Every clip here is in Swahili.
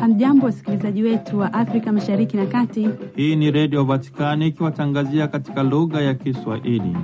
Hamjambo, wasikilizaji wetu wa Afrika mashariki na kati. Hii ni Redio Vatikani ikiwatangazia katika lugha ya Kiswahili.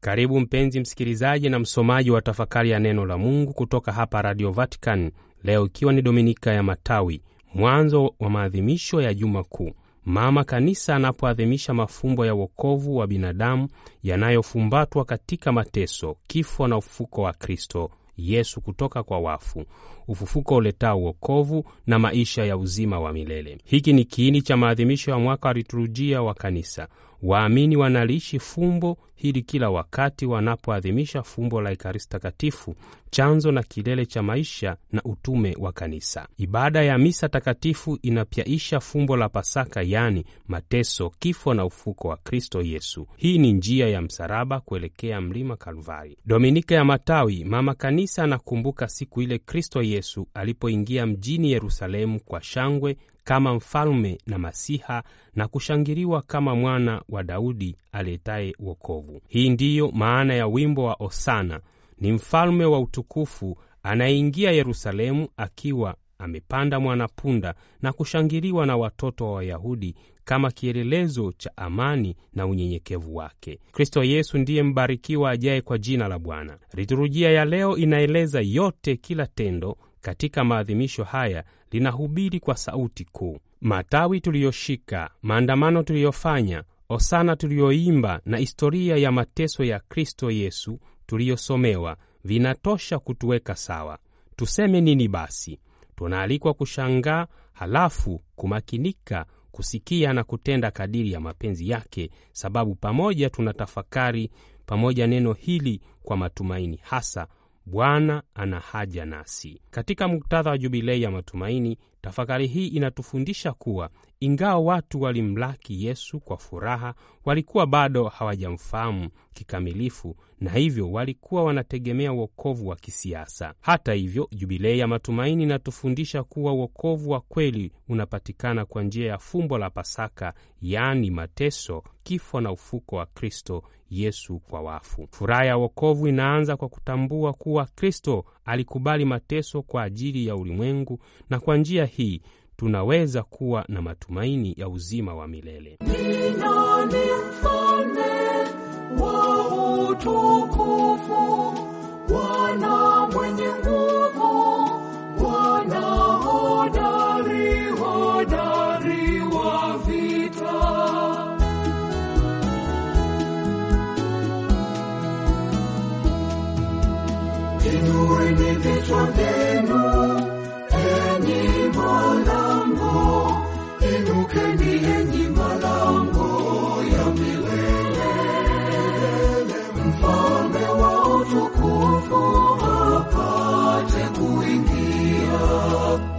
Karibu mpenzi msikilizaji na msomaji wa tafakari ya neno la Mungu kutoka hapa Radio Vatican, leo ikiwa ni Dominika ya Matawi, mwanzo wa maadhimisho ya Juma Kuu. Mama Kanisa anapoadhimisha mafumbo ya wokovu wa binadamu yanayofumbatwa katika mateso, kifo na ufufuko wa Kristo Yesu kutoka kwa wafu, ufufuko uletao wokovu na maisha ya uzima wa milele. Hiki ni kiini cha maadhimisho ya mwaka wa liturujia wa Kanisa. Waamini wanaliishi fumbo hili kila wakati wanapoadhimisha fumbo la Ekaristi Takatifu, chanzo na kilele cha maisha na utume wa Kanisa. Ibada ya misa takatifu inapyaisha fumbo la Pasaka, yaani mateso, kifo na ufuko wa Kristo Yesu. Hii ni njia ya msalaba kuelekea mlima Kalvari. Dominika ya Matawi, Mama Kanisa anakumbuka siku ile Kristo Yesu alipoingia mjini Yerusalemu kwa shangwe kama mfalme na Masiha na kushangiliwa kama mwana wa Daudi aletaye wokovu. Hii ndiyo maana ya wimbo wa Osana, ni mfalme wa utukufu anayeingia Yerusalemu akiwa amepanda mwanapunda na kushangiliwa na watoto wa Wayahudi kama kielelezo cha amani na unyenyekevu wake. Kristo Yesu ndiye mbarikiwa ajaye kwa jina la Bwana. Liturujia ya leo inaeleza yote, kila tendo katika maadhimisho haya linahubiri kwa sauti kuu: matawi tuliyoshika, maandamano tuliyofanya, osana tuliyoimba na historia ya mateso ya Kristo Yesu tuliyosomewa vinatosha kutuweka sawa. Tuseme nini basi? Tunaalikwa kushangaa, halafu kumakinika, kusikia na kutenda kadiri ya mapenzi yake, sababu pamoja tunatafakari pamoja neno hili kwa matumaini hasa Bwana ana haja nasi. Katika muktadha wa Jubilei ya matumaini, Tafakari hii inatufundisha kuwa ingawa watu walimlaki Yesu kwa furaha, walikuwa bado hawajamfahamu kikamilifu na hivyo walikuwa wanategemea wokovu wa kisiasa. Hata hivyo, Jubilei ya Matumaini inatufundisha kuwa wokovu wa kweli unapatikana kwa njia ya fumbo la Pasaka, yaani mateso, kifo na ufuko wa Kristo Yesu kwa wafu. Furaha ya wokovu inaanza kwa kutambua kuwa Kristo alikubali mateso kwa ajili ya ulimwengu, na kwa njia hii tunaweza kuwa na matumaini ya uzima wa milele. ni mfalme wa utukufu Inueni vichwa vyenu, enyi malango, inukeni enyi malango ya milele. Mfalme wa utukufu apate kuingia.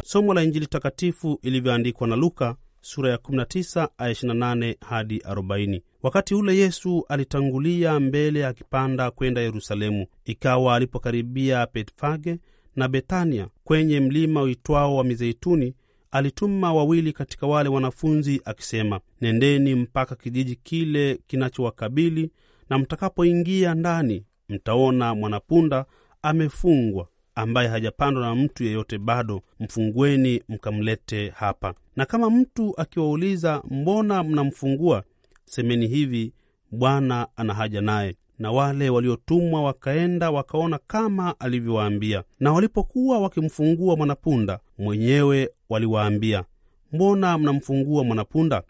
Somo la Injili takatifu ilivyoandikwa na Luka sura ya 19 aya 28 hadi 40. Wakati ule Yesu alitangulia mbele akipanda kwenda Yerusalemu. Ikawa alipokaribia Betfage na Betania kwenye mlima uitwao wa Mizeituni, alituma wawili katika wale wanafunzi akisema, nendeni mpaka kijiji kile kinachowakabili na mtakapoingia ndani, mtaona mwanapunda amefungwa ambaye hajapandwa na mtu yeyote bado, mfungueni mkamlete hapa. Na kama mtu akiwauliza, mbona mnamfungua? semeni hivi, Bwana ana haja naye. Na wale waliotumwa wakaenda wakaona kama alivyowaambia. Na walipokuwa wakimfungua mwanapunda mwenyewe, waliwaambia, mbona mnamfungua mwanapunda?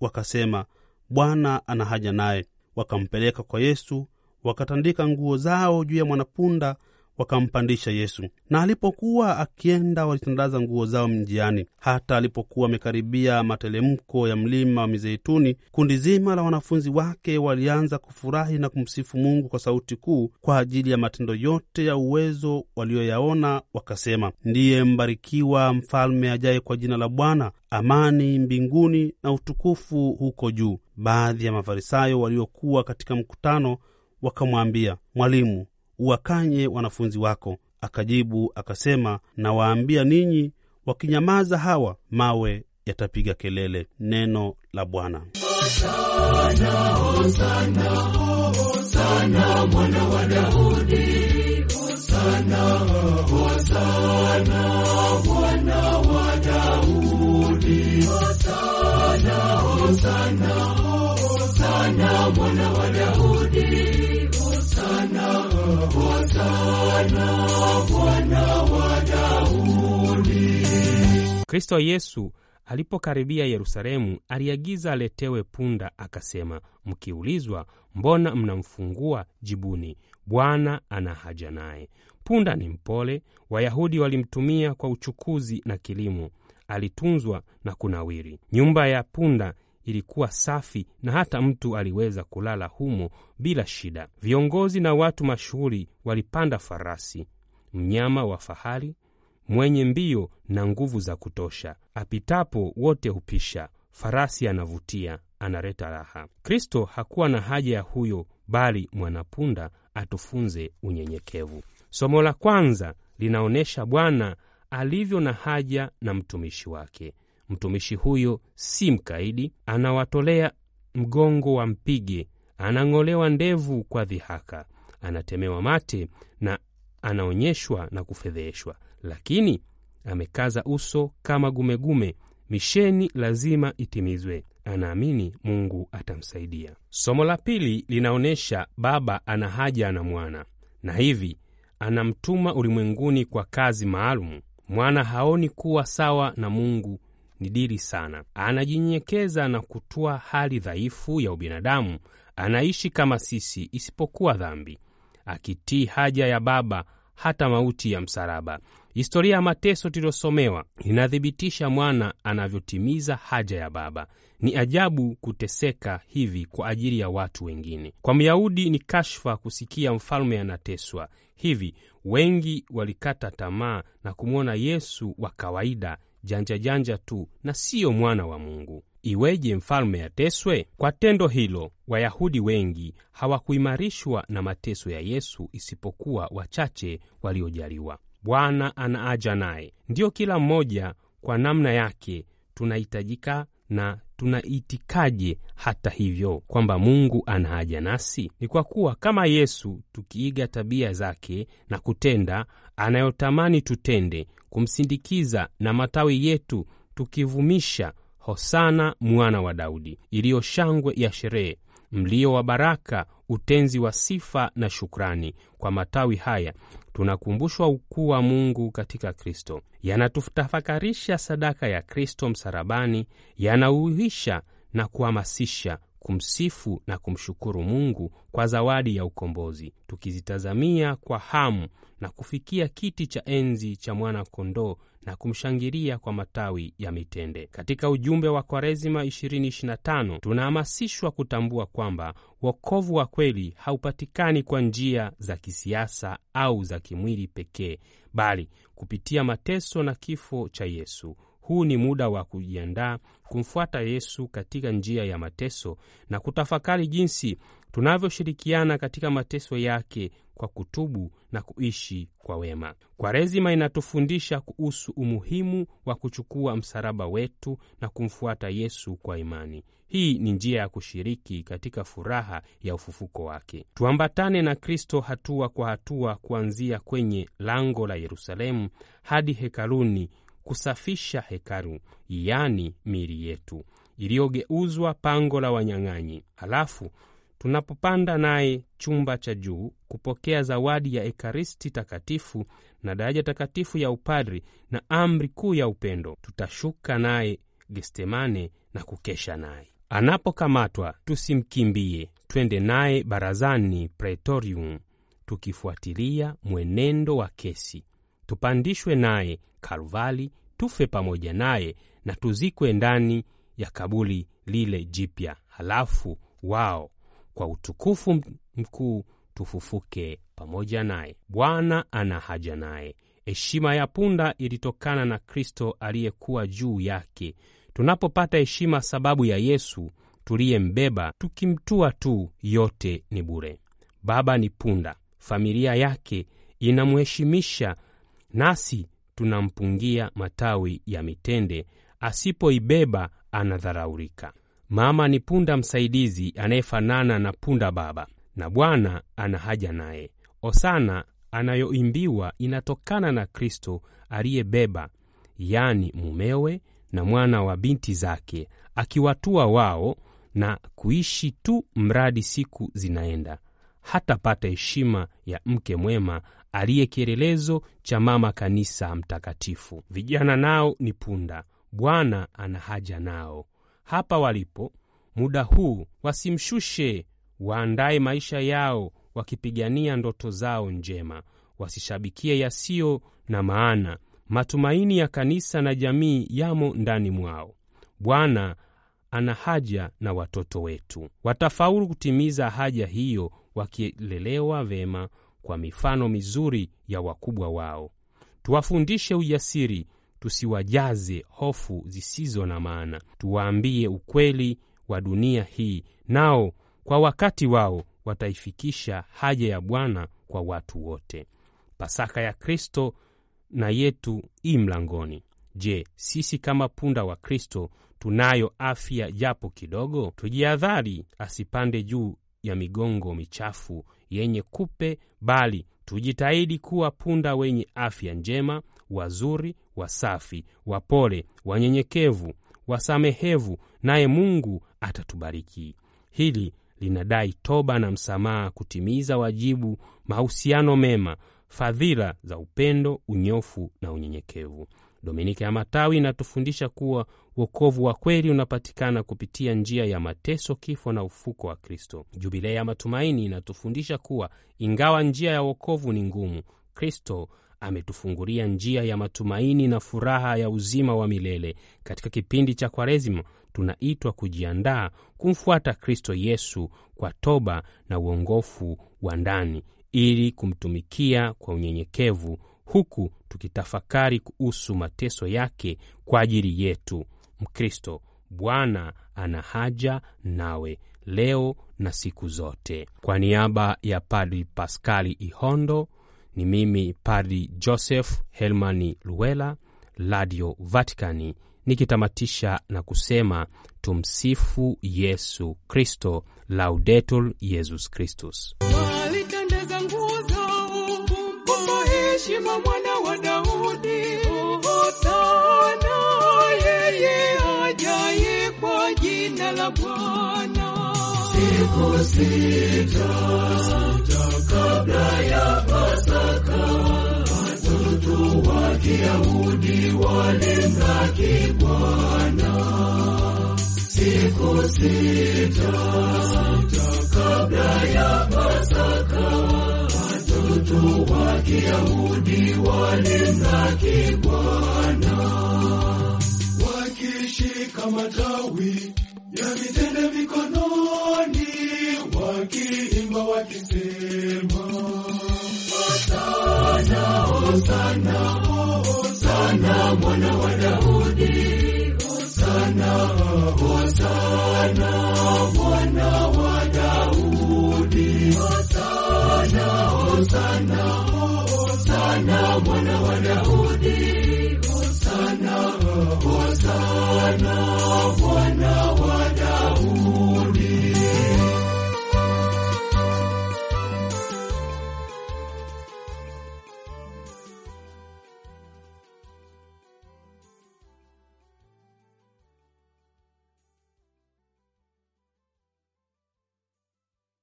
Wakasema, Bwana ana haja naye. Wakampeleka kwa Yesu, wakatandika nguo zao juu ya mwanapunda wakampandisha Yesu, na alipokuwa akienda walitandaza nguo zao mjiani. Hata alipokuwa amekaribia matelemko ya mlima wa Mizeituni, kundi zima la wanafunzi wake walianza kufurahi na kumsifu Mungu kwa sauti kuu kwa ajili ya matendo yote ya uwezo walioyaona, wakasema, ndiye mbarikiwa mfalme ajaye kwa jina la Bwana, amani mbinguni na utukufu huko juu. Baadhi ya Mafarisayo waliokuwa katika mkutano wakamwambia, Mwalimu, uwakanye wanafunzi wako? Akajibu akasema, nawaambia ninyi, wakinyamaza hawa mawe yatapiga kelele. Neno la Bwana. Bwana, Bwana wa Daudi. Kristo Yesu alipokaribia Yerusalemu aliagiza aletewe punda, akasema, mkiulizwa mbona mnamfungua, jibuni, Bwana ana haja naye. Punda ni mpole, Wayahudi walimtumia kwa uchukuzi na kilimo. Alitunzwa na kunawiri. Nyumba ya punda ilikuwa safi na hata mtu aliweza kulala humo bila shida. Viongozi na watu mashuhuri walipanda farasi, mnyama wa fahari mwenye mbio na nguvu za kutosha. Apitapo wote hupisha, farasi anavutia, analeta raha. Kristo hakuwa na haja ya huyo, bali mwanapunda atufunze unyenyekevu. Somo la kwanza linaonyesha Bwana alivyo na haja na mtumishi wake. Mtumishi huyo si mkaidi, anawatolea mgongo wa mpige, anang'olewa ndevu kwa dhihaka, anatemewa mate na anaonyeshwa na kufedheheshwa, lakini amekaza uso kama gumegume. Misheni lazima itimizwe. Anaamini Mungu atamsaidia. Somo la pili linaonyesha Baba ana haja na Mwana, na hivi anamtuma ulimwenguni kwa kazi maalum. Mwana haoni kuwa sawa na Mungu ni diri sana. Anajinyenyekeza na kutoa hali dhaifu ya ubinadamu, anaishi kama sisi, isipokuwa dhambi, akitii haja ya Baba hata mauti ya msalaba. Historia ya mateso tuliyosomewa inathibitisha mwana anavyotimiza haja ya Baba. Ni ajabu kuteseka hivi kwa ajili ya watu wengine. Kwa Myahudi ni kashfa kusikia mfalme anateswa hivi. Wengi walikata tamaa na kumwona Yesu wa kawaida janja janja tu na siyo mwana wa Mungu. Iweje mfalme ateswe? Kwa tendo hilo Wayahudi wengi hawakuimarishwa na mateso ya Yesu, isipokuwa wachache waliojaliwa. Bwana anaaja naye, ndiyo kila mmoja kwa namna yake tunahitajika na tunaitikaje hata hivyo kwamba Mungu ana haja nasi? Ni kwa kuwa kama Yesu tukiiga tabia zake na kutenda anayotamani tutende, kumsindikiza na matawi yetu tukivumisha hosana mwana wa Daudi, iliyo shangwe ya sherehe, mlio wa baraka, utenzi wa sifa na shukrani. Kwa matawi haya tunakumbushwa ukuu wa Mungu katika Kristo, yanatutafakarisha sadaka ya Kristo msalabani, yanauhisha na kuhamasisha kumsifu na kumshukuru Mungu kwa zawadi ya ukombozi, tukizitazamia kwa hamu na kufikia kiti cha enzi cha mwana-kondoo na kumshangilia kwa matawi ya mitende. Katika ujumbe wa Kwaresima 2025 tunahamasishwa kutambua kwamba wokovu wa kweli haupatikani kwa njia za kisiasa au za kimwili pekee, bali kupitia mateso na kifo cha Yesu. Huu ni muda wa kujiandaa kumfuata Yesu katika njia ya mateso na kutafakari jinsi tunavyoshirikiana katika mateso yake kwa kutubu na kuishi kwa wema. Kwaresima inatufundisha kuhusu umuhimu wa kuchukua msalaba wetu na kumfuata Yesu kwa imani. Hii ni njia ya kushiriki katika furaha ya ufufuko wake. Tuambatane na Kristo hatua kwa hatua, kuanzia kwenye lango la Yerusalemu hadi hekaluni kusafisha hekalu, yani miili yetu iliyogeuzwa pango la wanyang'anyi. Halafu tunapopanda naye chumba cha juu kupokea zawadi ya Ekaristi takatifu na daraja takatifu ya upadri na amri kuu ya upendo, tutashuka naye gestemane na kukesha naye. Anapokamatwa tusimkimbie, twende naye barazani, Praetorium, tukifuatilia mwenendo wa kesi tupandishwe naye Kalvali, tufe pamoja naye na tuzikwe ndani ya kaburi lile jipya, halafu wao kwa utukufu mkuu tufufuke pamoja naye. Bwana ana haja naye. Heshima ya punda ilitokana na Kristo aliyekuwa juu yake. Tunapopata heshima sababu ya Yesu tuliyembeba, tukimtua tu, yote ni bure. Baba ni punda, familia yake inamheshimisha nasi tunampungia matawi ya mitende, asipoibeba anadharaurika. Mama ni punda msaidizi anayefanana na punda baba, na Bwana ana haja naye. Osana anayoimbiwa inatokana na Kristo aliyebeba, yani mumewe na mwana wa binti zake, akiwatua wao na kuishi tu mradi siku zinaenda. Hatapata heshima ya mke mwema aliye kielelezo cha mama kanisa mtakatifu. Vijana nao ni punda, Bwana ana haja nao. Hapa walipo muda huu, wasimshushe, waandaye maisha yao, wakipigania ndoto zao njema, wasishabikie yasiyo na maana. Matumaini ya kanisa na jamii yamo ndani mwao. Bwana ana haja na watoto wetu. Watafaulu kutimiza haja hiyo wakielelewa vema kwa mifano mizuri ya wakubwa wao. Tuwafundishe ujasiri, tusiwajaze hofu zisizo na maana. Tuwaambie ukweli wa dunia hii, nao kwa wakati wao wataifikisha haja ya Bwana kwa watu wote. Pasaka ya Kristo na yetu i mlangoni. Je, sisi kama punda wa Kristo tunayo afya japo kidogo? Tujiadhari asipande juu ya migongo michafu yenye kupe, bali tujitahidi kuwa punda wenye afya njema, wazuri, wasafi, wapole, wanyenyekevu, wasamehevu, naye Mungu atatubariki. Hili linadai toba na msamaha, kutimiza wajibu, mahusiano mema, fadhila za upendo, unyofu na unyenyekevu. Dominika ya Matawi inatufundisha kuwa wokovu wa kweli unapatikana kupitia njia ya mateso, kifo na ufuko wa Kristo. Jubilei ya Matumaini inatufundisha kuwa ingawa njia ya wokovu ni ngumu, Kristo ametufungulia njia ya matumaini na furaha ya uzima wa milele. Katika kipindi cha Kwaresima tunaitwa kujiandaa kumfuata Kristo Yesu kwa toba na uongofu wa ndani ili kumtumikia kwa unyenyekevu huku tukitafakari kuhusu mateso yake kwa ajili yetu. Mkristo, Bwana ana haja nawe leo na siku zote. Kwa niaba ya Padri Paskali Ihondo, ni mimi Padri Joseph Helmani Luela, Radio Vaticani, nikitamatisha na kusema tumsifu Yesu Kristo, Laudetur Yesus Kristus. jina la Bwana. Siku sita kabla ya Pasaka, watoto wa Kiyahudi walimlaki Bwana siku sita kabla ya Pasaka, watoto wa Kiyahudi walimlaki Bwana wakishika matawi yalitende mikononi, wakiimba wakisema, Hosana, Hosana, Hosana mwana wa Daudi, Hosana, Hosana mwana wa Daudi, Hosana, Hosana, Hosana mwana wa Daudi.